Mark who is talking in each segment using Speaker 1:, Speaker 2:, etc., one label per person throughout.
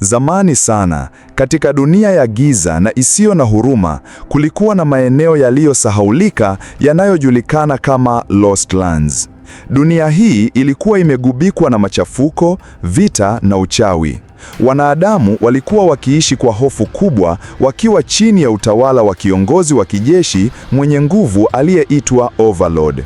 Speaker 1: Zamani sana, katika dunia ya giza na isiyo na huruma, kulikuwa na maeneo yaliyosahaulika yanayojulikana kama Lost Lands. Dunia hii ilikuwa imegubikwa na machafuko, vita na uchawi. Wanadamu walikuwa wakiishi kwa hofu kubwa, wakiwa chini ya utawala wa kiongozi wa kijeshi mwenye nguvu aliyeitwa Overlord.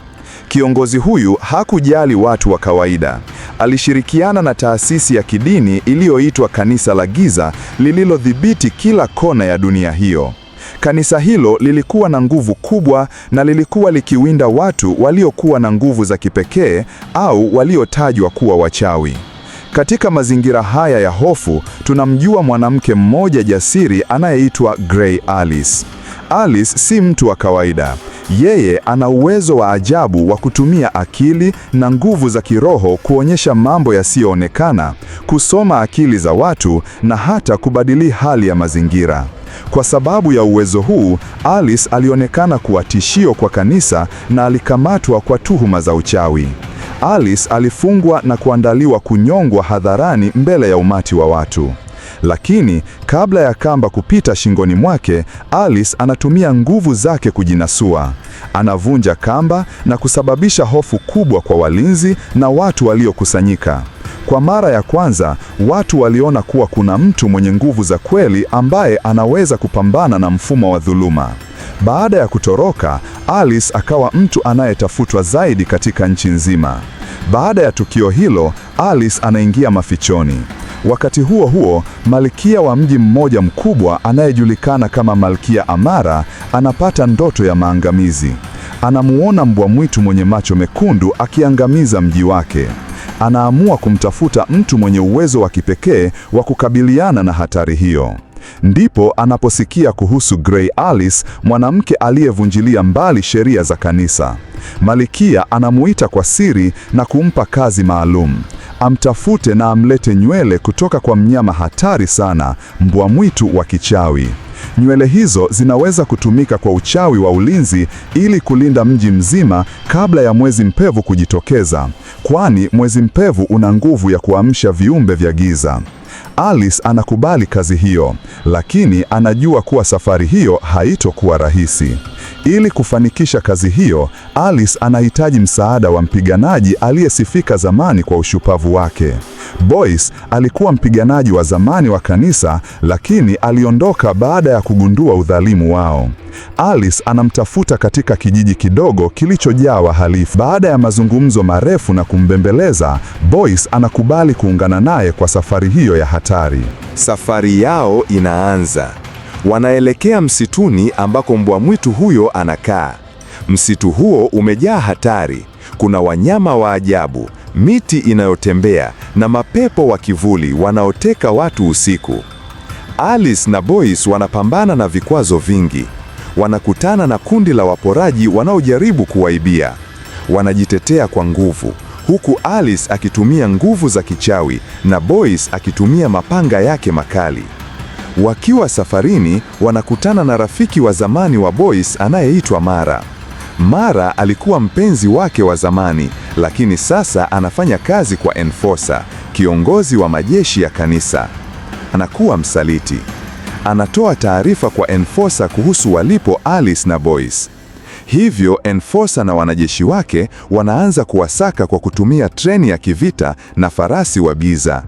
Speaker 1: Kiongozi huyu hakujali watu wa kawaida alishirikiana na taasisi ya kidini iliyoitwa Kanisa la Giza lililodhibiti kila kona ya dunia hiyo. Kanisa hilo lilikuwa na nguvu kubwa na lilikuwa likiwinda watu waliokuwa na nguvu za kipekee au waliotajwa kuwa wachawi. Katika mazingira haya ya hofu, tunamjua mwanamke mmoja jasiri anayeitwa Grey Alice. Alice si mtu wa kawaida. Yeye ana uwezo wa ajabu wa kutumia akili na nguvu za kiroho kuonyesha mambo yasiyoonekana, kusoma akili za watu na hata kubadili hali ya mazingira. Kwa sababu ya uwezo huu, Alice alionekana kuwa tishio kwa kanisa na alikamatwa kwa tuhuma za uchawi. Alice alifungwa na kuandaliwa kunyongwa hadharani mbele ya umati wa watu lakini kabla ya kamba kupita shingoni mwake, Alice anatumia nguvu zake kujinasua. Anavunja kamba na kusababisha hofu kubwa kwa walinzi na watu waliokusanyika. Kwa mara ya kwanza, watu waliona kuwa kuna mtu mwenye nguvu za kweli ambaye anaweza kupambana na mfumo wa dhuluma. Baada ya kutoroka, Alice akawa mtu anayetafutwa zaidi katika nchi nzima. Baada ya tukio hilo, Alice anaingia mafichoni. Wakati huo huo, malkia wa mji mmoja mkubwa anayejulikana kama Malkia Amara anapata ndoto ya maangamizi. Anamuona mbwa mwitu mwenye macho mekundu akiangamiza mji wake. Anaamua kumtafuta mtu mwenye uwezo wa kipekee wa kukabiliana na hatari hiyo ndipo anaposikia kuhusu Grey Alice, mwanamke aliyevunjilia mbali sheria za kanisa. malikia anamuita kwa siri na kumpa kazi maalum, amtafute na amlete nywele kutoka kwa mnyama hatari sana, mbwa mwitu wa kichawi. Nywele hizo zinaweza kutumika kwa uchawi wa ulinzi ili kulinda mji mzima kabla ya mwezi mpevu kujitokeza, kwani mwezi mpevu una nguvu ya kuamsha viumbe vya giza. Alice anakubali kazi hiyo, lakini anajua kuwa safari hiyo haitokuwa rahisi. Ili kufanikisha kazi hiyo, Alice anahitaji msaada wa mpiganaji aliyesifika zamani kwa ushupavu wake. Boyce alikuwa mpiganaji wa zamani wa kanisa, lakini aliondoka baada ya kugundua udhalimu wao. Alice anamtafuta katika kijiji kidogo kilichojaa wahalifu. Baada ya mazungumzo marefu na kumbembeleza, Boyce anakubali kuungana naye kwa safari hiyo ya hatari.
Speaker 2: Safari yao inaanza. Wanaelekea msituni ambako mbwa mwitu huyo anakaa. Msitu huo umejaa hatari. Kuna wanyama wa ajabu, miti inayotembea na mapepo wa kivuli wanaoteka watu usiku. Alice na Boyce wanapambana na vikwazo vingi. Wanakutana na kundi la waporaji wanaojaribu kuwaibia. Wanajitetea kwa nguvu, huku Alice akitumia nguvu za kichawi na Boyce akitumia mapanga yake makali. Wakiwa safarini, wanakutana na rafiki wa zamani wa Boyce anayeitwa Mara. Mara alikuwa mpenzi wake wa zamani, lakini sasa anafanya kazi kwa Enforcer, kiongozi wa majeshi ya kanisa. Anakuwa msaliti. Anatoa taarifa kwa Enforcer kuhusu walipo Alice na Boyce. Hivyo Enforcer na wanajeshi wake wanaanza kuwasaka kwa kutumia treni ya kivita na farasi wa giza.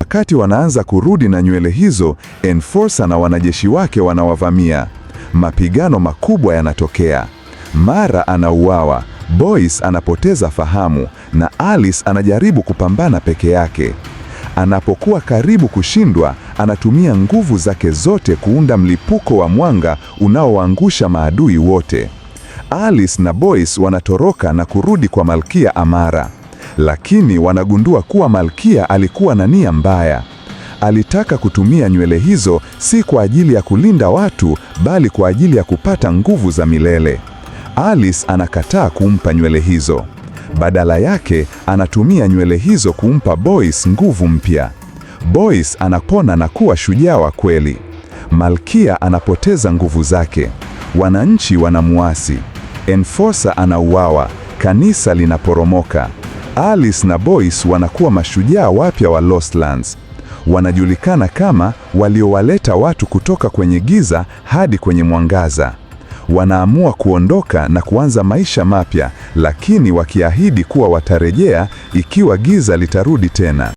Speaker 2: Wakati wanaanza kurudi na nywele hizo, Enforcer na wanajeshi wake wanawavamia. Mapigano makubwa yanatokea. Mara anauawa, Boyce anapoteza fahamu na Alice anajaribu kupambana peke yake. Anapokuwa karibu kushindwa, anatumia nguvu zake zote kuunda mlipuko wa mwanga unaoangusha maadui wote. Alice na Boyce wanatoroka na kurudi kwa Malkia Amara lakini wanagundua kuwa Malkia alikuwa na nia mbaya. Alitaka kutumia nywele hizo si kwa ajili ya kulinda watu, bali kwa ajili ya kupata nguvu za milele. Alice anakataa kumpa nywele hizo. Badala yake, anatumia nywele hizo kumpa Boyce nguvu mpya. Boyce anapona na kuwa shujaa wa kweli. Malkia anapoteza nguvu zake. Wananchi wanamuasi. Enforcer anauawa. Kanisa linaporomoka. Alice na Boyce wanakuwa mashujaa wapya wa Lost Lands. Wanajulikana kama waliowaleta watu kutoka kwenye giza hadi kwenye mwangaza. Wanaamua kuondoka na kuanza maisha mapya, lakini wakiahidi kuwa watarejea ikiwa giza litarudi tena.